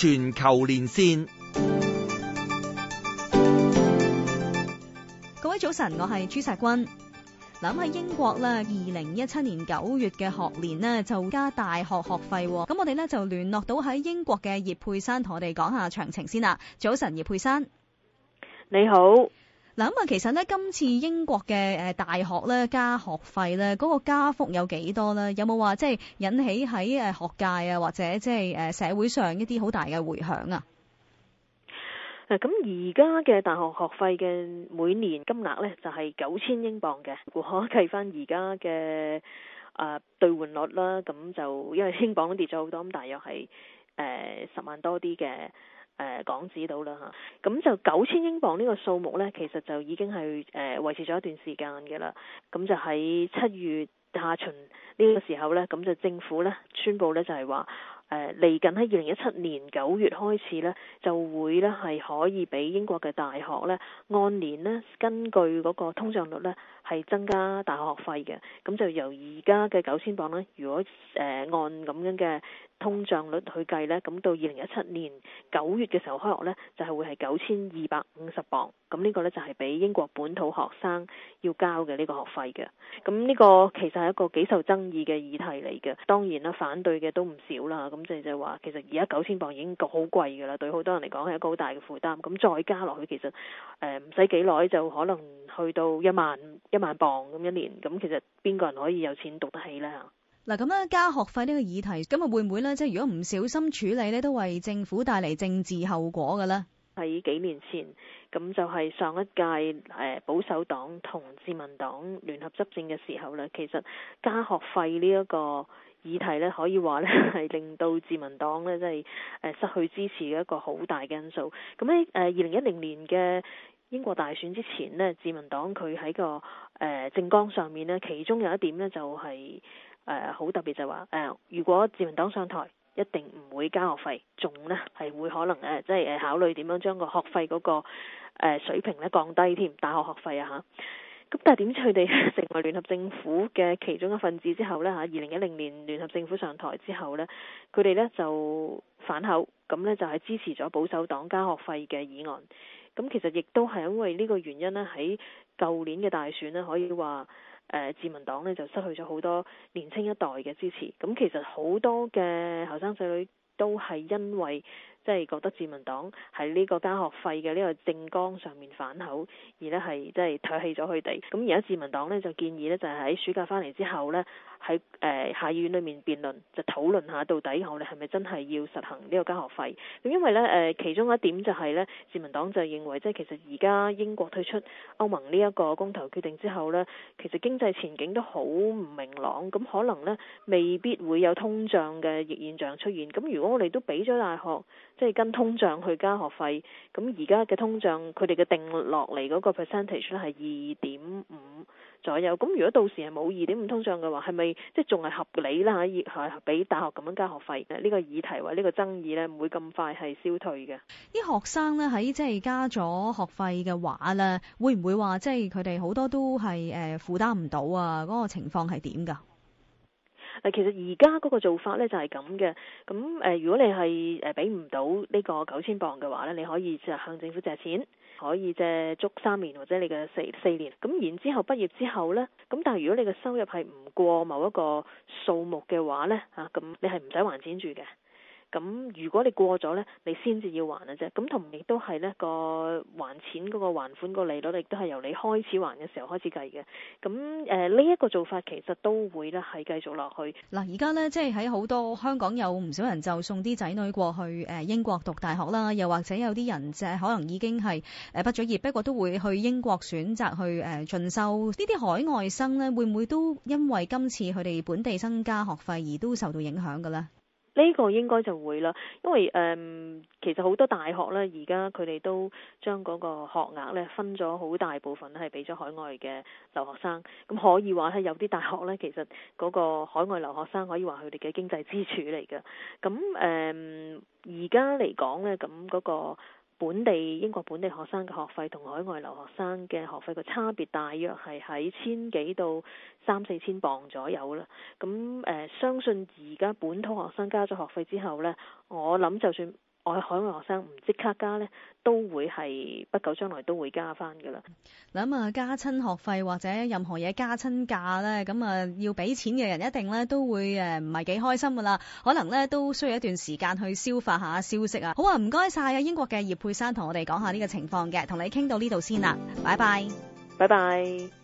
全球連線，各位早晨，我係朱錫君。諗喺英國咧，二零一七年九月嘅學年呢，就加大學學費。咁我哋呢，就聯絡到喺英國嘅葉珮珊，同我哋講下詳情先啦。早晨，葉珮珊，你好。嗱咁啊，其實咧，今次英國嘅誒大學咧加學費咧，嗰個加幅有幾多咧？有冇話即係引起喺誒學界啊，或者即係誒社會上一啲好大嘅回響啊？誒，咁而家嘅大學學費嘅每年金額咧，就係九千英鎊嘅。如果計翻而家嘅誒兌換率啦，咁就因為英鎊跌咗好多，咁大約係誒十萬多啲嘅。誒、呃、港紙到啦嚇，咁就九千英鎊呢個數目呢，其實就已經係誒、呃、維持咗一段時間嘅啦。咁就喺七月下旬呢個時候呢，咁就政府呢，宣布呢就係話，誒嚟緊喺二零一七年九月開始呢，就會呢係可以俾英國嘅大學呢按年呢根據嗰個通脹率呢係增加大學學費嘅。咁就由而家嘅九千鎊呢，如果誒、呃、按咁樣嘅。通脹率去計呢，咁到二零一七年九月嘅時候開學呢，就係會係九千二百五十鎊。咁呢個呢，就係、是、俾英國本土學生要交嘅呢、呢個學費嘅。咁呢個其實係一個幾受爭議嘅議題嚟嘅。當然啦，反對嘅都唔少啦。咁即係就話，其實而家九千鎊已經好貴㗎啦，對好多人嚟講係一個好大嘅負擔。咁再加落去，其實誒唔使幾耐就可能去到一萬一萬鎊咁一年。咁其實邊個人可以有錢讀得起呢？嗱咁樣，加學費呢個議題，咁啊會唔會呢？即係如果唔小心處理呢，都為政府帶嚟政治後果嘅呢？喺幾年前，咁就係上一屆誒保守黨同自民黨聯合執政嘅時候呢，其實加學費呢一個議題呢，可以話呢係令到自民黨呢，即係誒失去支持嘅一個好大嘅因素。咁咧誒，二零一零年嘅。英國大選之前呢，自民黨佢喺個誒、呃、政綱上面呢，其中有一點呢就係誒好特別就話誒、呃，如果自民黨上台，一定唔會加學費，仲呢係會可能誒，即係誒考慮點樣將個學費嗰、那個、呃、水平呢降低添、呃，大學學費啊嚇。咁但係點知佢哋成為聯合政府嘅其中一份子之後呢，嚇，二零一零年聯合政府上台之後呢，佢哋呢就反口，咁呢，就係、是、支持咗保守黨加學費嘅議案。咁其實亦都係因為呢個原因咧，喺舊年嘅大選咧，可以話誒，自民黨咧就失去咗好多年青一代嘅支持。咁其實好多嘅後生仔女都係因為。即係覺得自民黨喺呢個加學費嘅呢個政綱上面反口，而呢係即係唾棄咗佢哋。咁而家自民黨呢就建議呢，就係喺暑假翻嚟之後呢，喺誒下議院裏面辯論，就討論下到底我哋係咪真係要實行呢個加學費。咁因為呢，誒其中一點就係呢，自民黨就認為即係其實而家英國退出歐盟呢一個公投決定之後呢，其實經濟前景都好唔明朗，咁可能呢，未必會有通脹嘅現象出現。咁如果我哋都俾咗大學，即係跟通脹去加學費，咁而家嘅通脹佢哋嘅定落嚟嗰個 percentage 咧係二點五左右，咁如果到時係冇二點五通脹嘅話，係咪即係仲係合理啦嚇？而係俾大學咁樣加學費呢，呢個議題或呢個爭議呢，唔會咁快係消退嘅。啲學生咧喺即係加咗學費嘅話咧，會唔會話即係佢哋好多都係誒負擔唔到啊？嗰個情況係點㗎？嗱，其實而家嗰個做法咧就係咁嘅，咁誒、呃、如果你係誒俾唔到呢個九千鎊嘅話咧，你可以就向政府借錢，可以借足三年或者你嘅四四年，咁然之後畢業之後咧，咁但係如果你嘅收入係唔過某一個數目嘅話咧，啊，咁你係唔使還錢住嘅。咁如果你過咗呢，你先至要還嘅啫。咁同亦都係呢個還錢嗰個還款個利率，亦都係由你開始還嘅時候開始計嘅。咁誒呢一個做法其實都會咧係繼續落去。嗱，而家呢，即係喺好多香港有唔少人就送啲仔女過去誒英國讀大學啦，又或者有啲人就可能已經係誒畢咗業，不過都會去英國選擇去誒進修。呢啲海外生呢，會唔會都因為今次佢哋本地生加學費而都受到影響嘅呢？呢個應該就會啦，因為誒、嗯，其實好多大學呢，而家佢哋都將嗰個學額呢，分咗好大部分係俾咗海外嘅留學生，咁可以話係有啲大學呢，其實嗰個海外留學生可以話佢哋嘅經濟支柱嚟嘅。咁誒，而家嚟講呢，咁嗰、嗰個。本地英國本地學生嘅學費同海外留學生嘅學費嘅差別大約係喺千幾到三四千鎊左右啦。咁誒、呃，相信而家本土學生加咗學費之後呢，我諗就算。外海外學生唔即刻加咧，都會係不久將來都會加翻噶啦。諗啊，加親學費或者任何嘢加親價咧，咁啊要俾錢嘅人一定咧都會誒唔係幾開心噶啦。可能咧都需要一段時間去消化下消息啊。好啊，唔該晒啊，英國嘅葉珮珊同我哋講下呢個情況嘅，同你傾到呢度先啦。拜拜，拜拜。